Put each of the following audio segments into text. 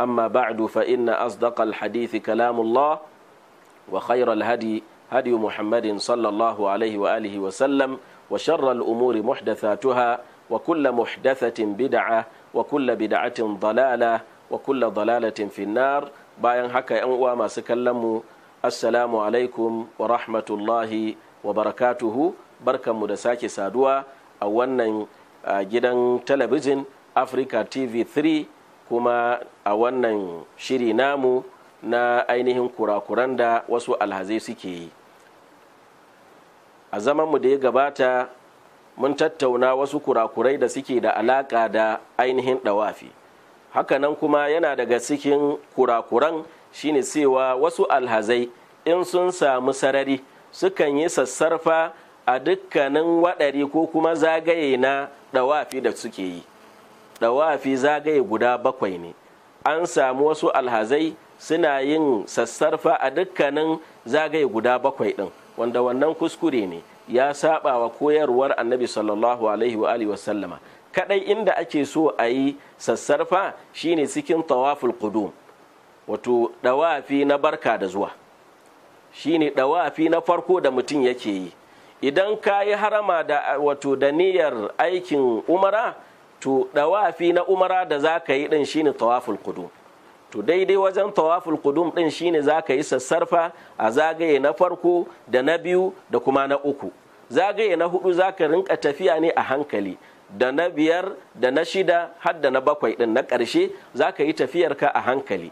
أما بعد فإن أصدق الحديث كلام الله وخير الهدي هدي محمد صلى الله عليه وآله وسلم وشر الأمور محدثاتها وكل محدثة بدعة وكل بدعة ضلالة وكل ضلالة في النار باين حكا أنوا ما سكلموا السلام عليكم ورحمة الله وبركاته بركة مدساك سادوا أولا جدا تلفزيون أفريكا تي في 3 kuma a wannan shiri namu na ainihin kurakuran da wasu alhazai suke yi a zamanmu da ya gabata mun tattauna wasu kurakurai da suke da alaƙa da ainihin ɗawafi hakanan kuma yana daga cikin kurakuran shine cewa wasu alhazai in sun samu sarari sukan yi sassarfa a dukkanin waɗari ko kuma zagaye na ɗawafi da suke yi ɗawafi zagaye guda bakwai ne an samu wasu alhazai suna yin sassarfa a dukkanin zagaye guda bakwai ɗin wanda wannan kuskure ne ya saba wa koyarwar annabi sallallahu alaihi wa wasallama kadai inda ake so a yi sassarfa shine cikin tawaful qudum wato dawafi na barka da zuwa shine ɗawafi na farko da mutum yake yi idan ka yi harama wato da niyyar aikin umara to dawafi na umara da za ka yi ɗin shine tawaful qudum to daidai wajen tawaful qudum ɗin shine za ka yi sassarfa a zagaye na farko da na biyu da kuma na uku zagaye na hudu za ka rinka tafiya ne a hankali da na biyar da na shida har da na bakwai ɗin na ƙarshe za ka yi tafiyarka a hankali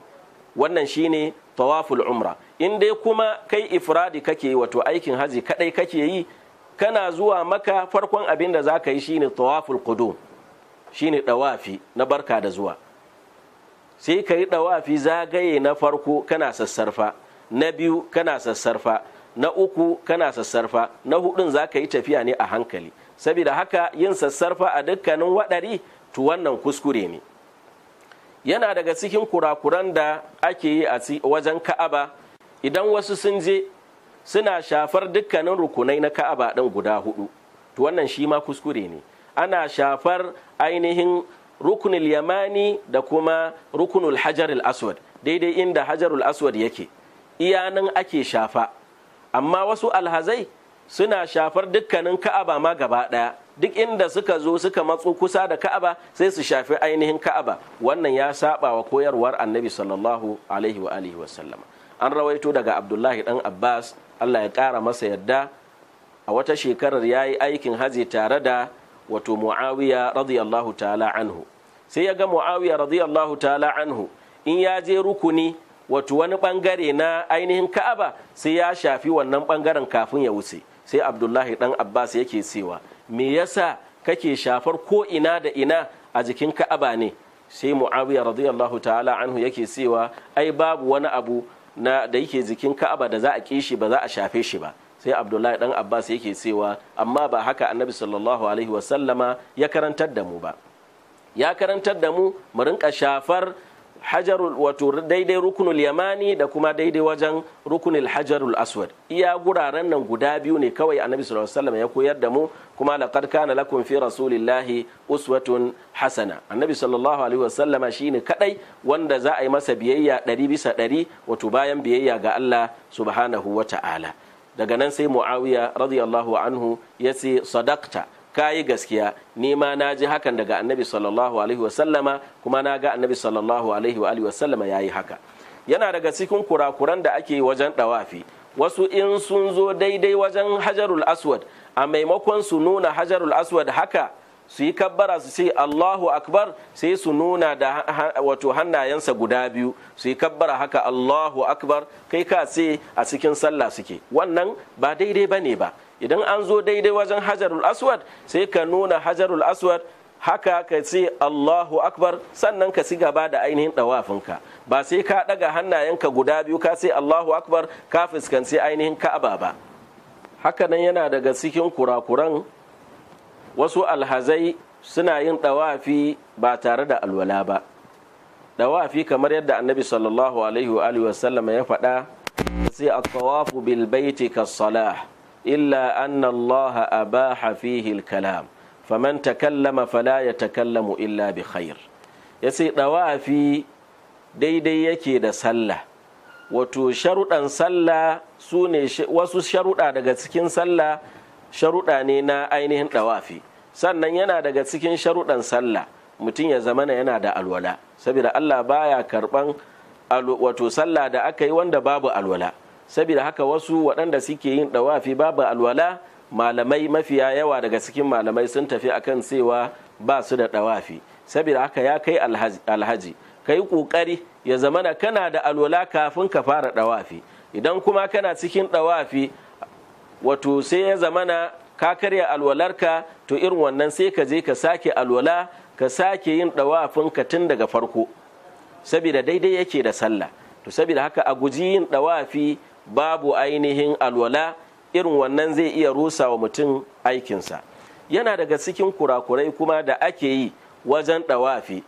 wannan shine tawaful umra in dai kuma kai ifradi kake yi wato aikin haji kadai kake yi kana zuwa maka farkon abin da za ka yi shine tawaful qudum shine dawafi na barka da zuwa sai ka yi dawafi zagaye na farko kana sassarfa na biyu kana sassarfa na uku kana sassarfa na hudun za ka yi tafiya ne a hankali saboda haka yin sassarfa a dukkanin waɗari tu wannan kuskure ne yana daga cikin kurakuran da ake yi a wajen ka'aba idan wasu sun je suna shafar dukkanin rukunai na ka'aba ɗin guda hudu tu wannan shi ma kuskure ne ana shafar ainihin rukunul yamani da kuma rukunul hajarul aswad daidai inda hajarul aswad yake iyanan ake shafa amma wasu alhazai suna shafar dukkanin ka'aba ma gaba daya. duk inda suka zo suka matsu kusa da ka'aba sai su shafi ainihin ka'aba wannan ya saba wa koyarwar annabi sallallahu alaihi wa alihi wa sallam. an rawaito daga abdullahi dan abbas allah ya ƙara masa yadda a wata shekarar yayi aikin haji tare da wato muawiya radiyallahu ta'ala anhu sai ya ga muawiya radiyallahu ta'ala anhu in ya je rukuni wato wani bangare na ainihin ka'aba sai ya shafi wannan bangaren kafin ya wuce sai abdullahi dan abbas yake cewa me yasa kake shafar ko ina da ina a jikin ka'aba ne sai muawiya radiyallahu ta'ala anhu yake cewa ai babu wani abu na da yake jikin ka'aba da za a kishi ba za a shafe shi ba sai abdullahi dan abbas yake cewa amma ba haka annabi sallallahu alaihi wasallama ya karantar da mu ba ya karantar da mu mu rinka shafar hajarul wato daidai rukunul yamani da kuma daidai wajen rukunul hajarul aswad iya guraren nan guda biyu ne kawai annabi sallallahu alaihi wasallam ya koyar da mu kuma laqad kana lakum fi rasulillahi uswatun hasana annabi sallallahu alaihi wasallam shine kadai wanda za a yi masa biyayya ɗari bisa ɗari wato bayan biyayya ga Allah subhanahu wa ta'ala. daga nan sai muawiya radiyallahu anhu ya ce sadakta kayi gaskiya ni ma na ji hakan daga annabi sallallahu alaihi wa sallama kuma na ga annabi sallallahu alaihi wa alihi wa sallama yayi haka yana daga cikin kurakuran da ake wajen dawafi wasu in sun zo daidai wajen hajarul aswad a maimakon su nuna hajarul aswad haka su yi kabbara su ce Allahu akbar sai su nuna da wato hannayensa guda biyu su yi kabbara haka Allahu akbar kai ka ce a cikin sallah suke wannan ba daidai bane ba idan an zo daidai wajen hajarul aswad sai ka nuna hajarul aswad haka ka ce Allahu akbar sannan ka ci gaba da ainihin ɗawafinka ba sai ka ɗaga hannayenka guda biyu ka ce Allahu akbar ka fuskanci ainihin ka'aba ba haka nan yana daga cikin kurakuran wasu alhazai suna yin ɗawafi ba tare da alwala ba ɗawafi kamar yadda annabi sallallahu alaihi wa sallama ya faɗa sai a tawafu bil baiti salah illa anna allaha abaha fihi kalam faman takallama fala ya takallamu illa bi khair ya sai ɗawafi daidai yake da sallah wato sharuɗan sallah su ne wasu sharuɗa daga cikin sallah sharuɗa ne na ainihin ɗawafi sannan yana daga cikin sharuɗan sallah mutum ya zamana yana da alwala saboda Allah baya karɓan wato sallah da aka yi wanda babu alwala saboda haka wasu waɗanda suke yin ɗawafi babu alwala malamai mafiya yawa daga cikin malamai sun tafi akan cewa ba su da ɗawafi saboda haka ya kai alhaji ka yi ƙoƙari ya zamana kana da alwala kafin ka fara ɗawafi idan kuma kana cikin ɗawafi wato sai ya zamana ka karya alwalarka to irin wannan sai ka je ka sake alwala ka sake yin ɗawafin ka tun daga farko saboda daidai yake da sallah to saboda haka a guji yin ɗawafi babu ainihin alwala irin wannan zai iya rusa wa mutum aikinsa yana daga cikin kurakurai kuma da ake yi wajen ɗawafi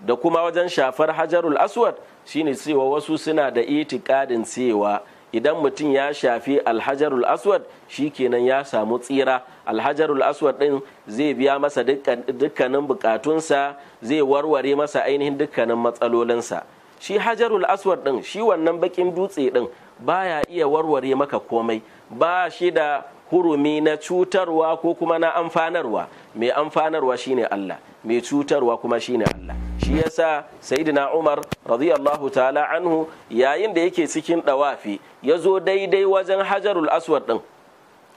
da kuma wajen shafar hajarul aswad shine cewa wasu suna da itikadin cewa idan mutum ya shafi alhajarul aswad shi kenan ya samu tsira alhajarul aswad din zai biya masa dukkanin bukatunsa zai warware masa ainihin dukkanin matsalolinsa shi hajarul aswad din shi wannan bakin dutse din baya iya warware maka komai ba shi da hurumi na cutarwa ko kuma na amfanarwa mai amfanarwa shine Allah mai cutarwa kuma shine Allah shi yasa sayyidina Umar radiyallahu ta'ala anhu yayin da yake cikin dawafi ya zo daidai wajen hajarul aswad din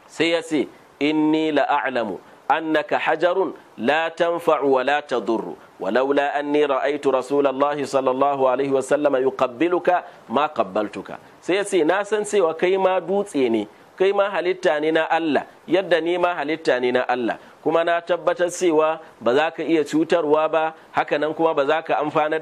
sai ya ce inni la'alamu annaka hajarun la tanfa'u wa la tadurru walaula anni ra'aytu rasulallahi sallallahu alaihi wa sallama yuqabbiluka ma qabbaltuka sai ya ce na san cewa kai ma dutse ne kai ma halitta ne na Allah yadda ni ma halitta ne na Allah kuma na tabbatar cewa ba za ka iya cutarwa ba hakanan kuma ba za ka amfanar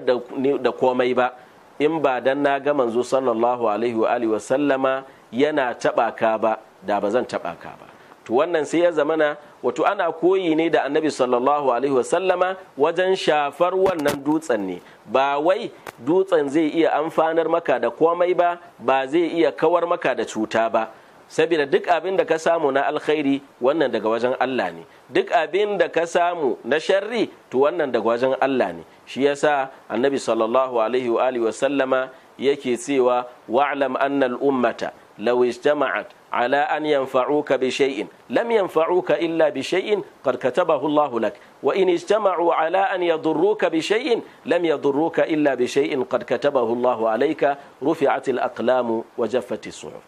da komai ba in ba dan na ga manzo sallallahu alaihi wa alihi wa sallama yana taba ka ba da ba zan taba ka ba to wannan sai ya zamana wato ana koyi ne da annabi sallallahu alaihi wa sallama wajen shafar wannan dutsen ne ba wai dutsen zai iya amfanar maka da komai ba ba zai iya kawar maka da cuta ba saboda duk abin da ka samu na alkhairi wannan daga wajen Allah ne duk abin da ka samu na sharri to wannan daga wajen Allah ne shi yasa annabi sallallahu alaihi wa alihi sallama yake cewa wa'lam annal ummata law ijtama'at ala an yanfa'uka bi shay'in lam yanfa'uka illa bi shay'in qad katabahu Allah lak wa in ijtama'u ala an yadurruka bi shay'in lam yadurruka illa bi shay'in qad katabahu Allah alayka rufi'atil aqlamu wa jaffati suhuf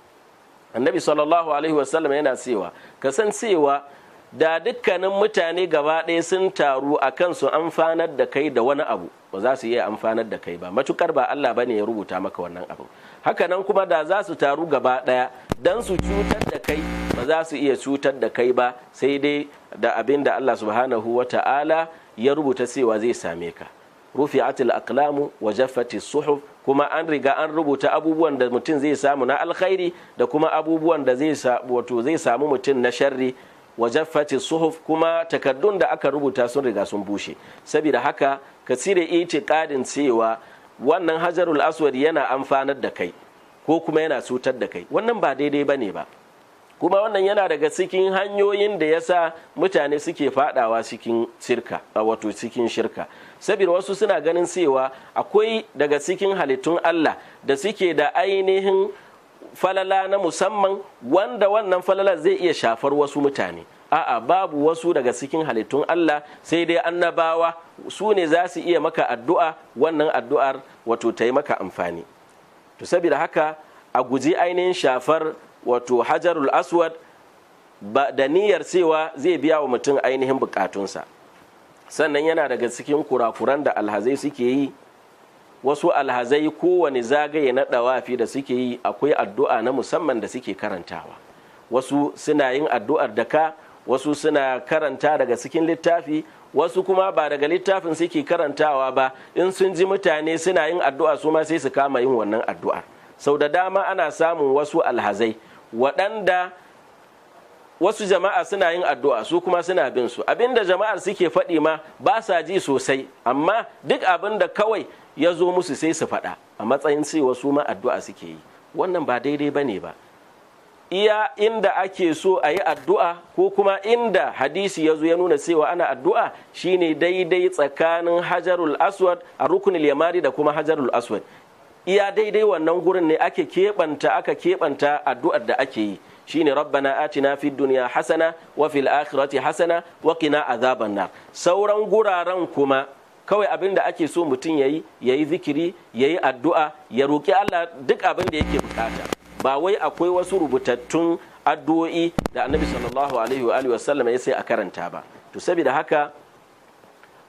annabi sallallahu alaihi wasallam yana cewa kasancewa da dukkanin mutane gaba ɗaya sun taru a kansu amfanar da kai da wani abu ba za su iya amfanar da kai ba matukar ba Allah bane ya rubuta maka wannan abu Haka nan kuma da za su taru gaba ɗaya dan su cutar da kai ba za su iya cutar da kai ba sai dai da abin da Allah subhanahu wata'ala ya rubuta cewa zai same ka al aqlamu wa as suhuf kuma an riga an rubuta abubuwan da mutum zai samu na alkhairi da kuma abubuwan da zai wato zai samu mutum na sharri wa as suhuf kuma takaddun da aka rubuta sun riga sun bushe saboda haka ka tsire itiqadin cewa wannan hajarul aswad yana amfanar da kai ko kuma yana cutar da kai wannan ba daidai bane ba kuma wannan yana daga cikin hanyoyin da yasa mutane suke fadawa cikin shirka wato cikin shirka saboda wasu suna ganin cewa akwai daga cikin halittun Allah da suke da ainihin falala na musamman wanda wannan falala zai iya shafar wasu mutane a'a babu wasu daga cikin halittun Allah sai dai annabawa su ne za su iya maka addu'a wannan addu'ar wato ta yi maka amfani to saboda haka a guji ainihin shafar wato hajarul aswad ba da niyyar cewa zai biya wa mutum ainihin bukatunsa sannan yana daga cikin kurakuran da alhazai suke yi wasu alhazai kowane zagaye na dawafi da suke yi akwai addu'a na musamman da suke karantawa wasu suna yin addu'ar da ka wasu suna karanta daga cikin littafi wasu kuma ba daga littafin suke karantawa ba in sun ji mutane suna yin addu'a su ma sai su kama yin wannan addu'ar sau da dama ana samun wasu alhazai waɗanda wasu jama'a suna yin addu'a su kuma suna bin su abinda jama'ar suke faɗi ma ba sa ji sosai amma duk abin da kawai ya zo musu sai su faɗa a matsayin cewa su ma addu'a suke yi wannan ba daidai ba ne ba iya inda ake so a yi addu'a ko kuma inda hadisi ya zo ya nuna cewa ana addu'a shine daidai tsakanin hajarul aswad a rukunin yamari da kuma hajarul aswad iya daidai wannan gurin ne ake keɓanta aka keɓanta addu'ar da ake yi shine rabbana atina fi duniya hasana wa fil akhirati hasana wa qina azaban nar sauran guraren kuma kawai abin da ake so mutum yayi yayi zikiri yayi addu'a ya roki Allah duk abin da yake bukata ba wai akwai wasu rubutattun addu'o'i da annabi sallallahu alaihi wa alihi sallam ya sai a karanta ba to saboda haka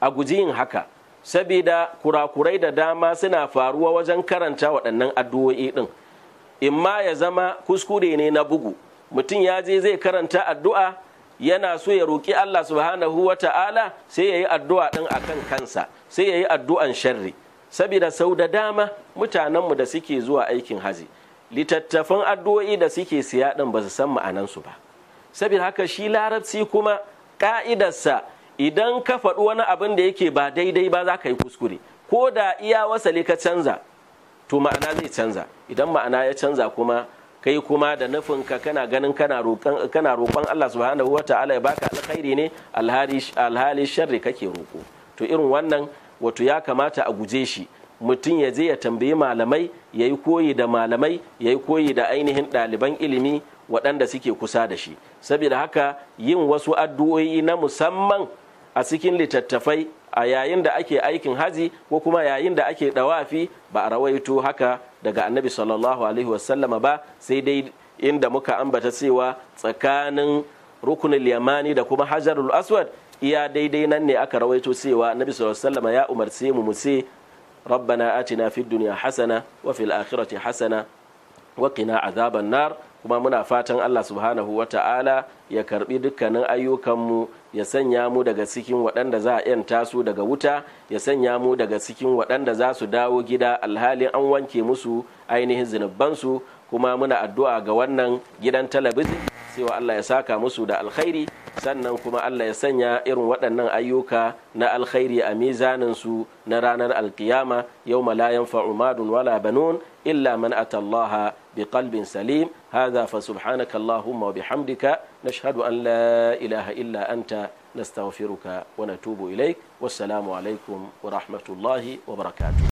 a guji yin haka sabida kurakurai da dama suna faruwa wajen karanta waɗannan addu'o'i ɗin ma ya zama kuskure ne na bugu mutum ya je zai karanta addu'a yana so ya roƙi Allah subhanahu wa ta'ala sai ya yi addu'a ɗin a kan kansa sai ya yi addu'an sharri saboda sau da dama mutanenmu da suke zuwa aikin haji littattafan addu'o'i da suke siya ɗin ba su san ma'anansu ba sabida haka shi larabci kuma ƙa'idarsa idan ka faɗi wani abin da yake ba daidai ba za ka yi kuskure ko da iya wasali ka canza to ma'ana zai canza idan ma'ana ya canza kuma kai kuma da nufin ka kana ganin kana roƙon kana roƙon Allah subhanahu wata'ala ya baka alkhairi ne alhali sharri kake roƙo to irin wannan wato ya kamata a guje shi mutum ya je ya tambayi malamai ya yi koyi da malamai ya yi koyi da ainihin ɗaliban ilimi waɗanda suke kusa da shi saboda haka yin wasu addu'o'i na musamman a cikin littattafai a yayin da ake aikin haji ko kuma yayin da ake dawafi ba a rawaito haka daga annabi sallallahu alaihi wasallama ba sai dai inda muka ambata cewa tsakanin rukunin yamani da kuma hajarul aswad iya daidai nan ne aka rawaito cewa annabi sallallahu alaihi wasallama ya umarce mu mu ce rabbana atina fid dunya hasana wa fil akhirati hasana waƙina azaban nar kuma muna fatan Allah subhanahu wa ta'ala ya karbi dukkanin ayyukanmu ya sanya mu daga cikin waɗanda za a yanta su daga wuta ya sanya mu daga cikin waɗanda za su dawo gida alhalin an wanke musu ainihin zunubansu kuma muna addu'a ga wannan gidan talabijin cewa Allah ya saka musu da alkhairi sannan kuma Allah ya sanya irin waɗannan ayyuka na alkhairi a mizanin su na ranar alkiyama yau malayan fa'umadun wala banun illa man atallaha بقلب سليم هذا فسبحانك اللهم وبحمدك نشهد أن لا إله إلا أنت نستغفرك ونتوب إليك والسلام عليكم ورحمة الله وبركاته